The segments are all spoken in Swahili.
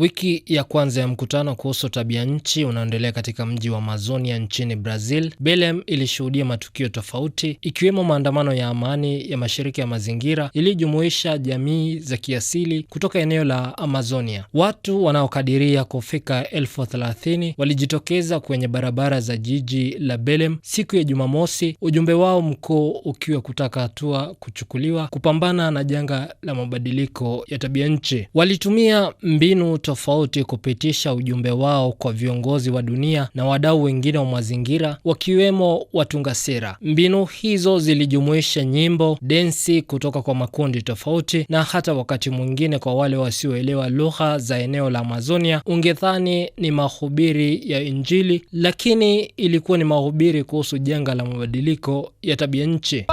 Wiki ya kwanza ya mkutano kuhusu tabia nchi unaoendelea katika mji wa Amazonia nchini Brazil, Belem ilishuhudia matukio tofauti, ikiwemo maandamano ya amani ya mashirika ya mazingira iliyojumuisha jamii za kiasili kutoka eneo la Amazonia. Watu wanaokadiria kufika elfu thelathini walijitokeza kwenye barabara za jiji la Belem siku ya Jumamosi, ujumbe wao mkuu ukiwa kutaka hatua kuchukuliwa kupambana na janga la mabadiliko ya tabia nchi. Walitumia mbinu tofauti kupitisha ujumbe wao kwa viongozi wa dunia na wadau wengine wa mazingira wakiwemo watunga sera. Mbinu hizo zilijumuisha nyimbo, densi kutoka kwa makundi tofauti na hata wakati mwingine kwa wale wasioelewa lugha za eneo la Amazonia ungedhani ni mahubiri ya Injili, lakini ilikuwa ni mahubiri kuhusu janga la mabadiliko ya tabia nchi.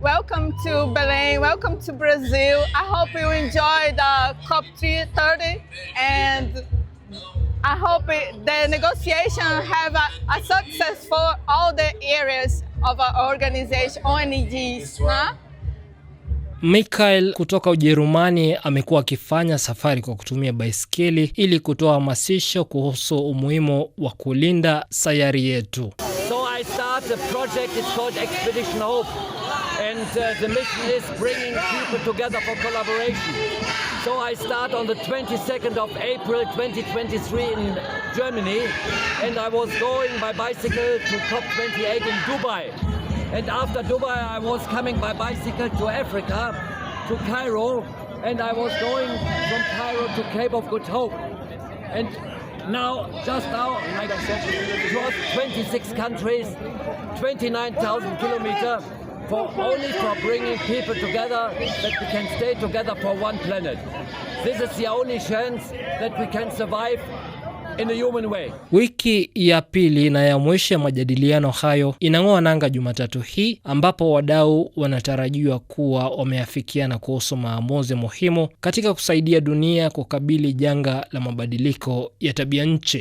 Welcome to Belém, welcome to Brazil. I hope you enjoy the COP30 and I hope it, the negotiation have a, a, success for all the areas of our organization ONGs. Huh? Michael kutoka Ujerumani amekuwa akifanya safari kwa kutumia baiskeli ili kutoa hamasisho kuhusu umuhimu wa kulinda sayari yetu. So I start the project, it's called Expedition Hope. and uh, the mission is bringing people together for collaboration. So I start on the 22nd of April 2023 in Germany, and I was going by bicycle to COP28 in Dubai. And after Dubai, I was coming by bicycle to Africa, to Cairo, and I was going from Cairo to Cape of Good Hope. And now, just now, like I said, across 26 countries, 29,000 kilometers. for only for bringing people together that we can stay together for one planet. This is the only chance that we can survive In a human way. Wiki ya pili na ya mwisho ya majadiliano hayo inang'oa nanga Jumatatu hii ambapo wadau wanatarajiwa kuwa wameafikiana kuhusu maamuzi muhimu katika kusaidia dunia kukabili janga la mabadiliko ya tabia nchi.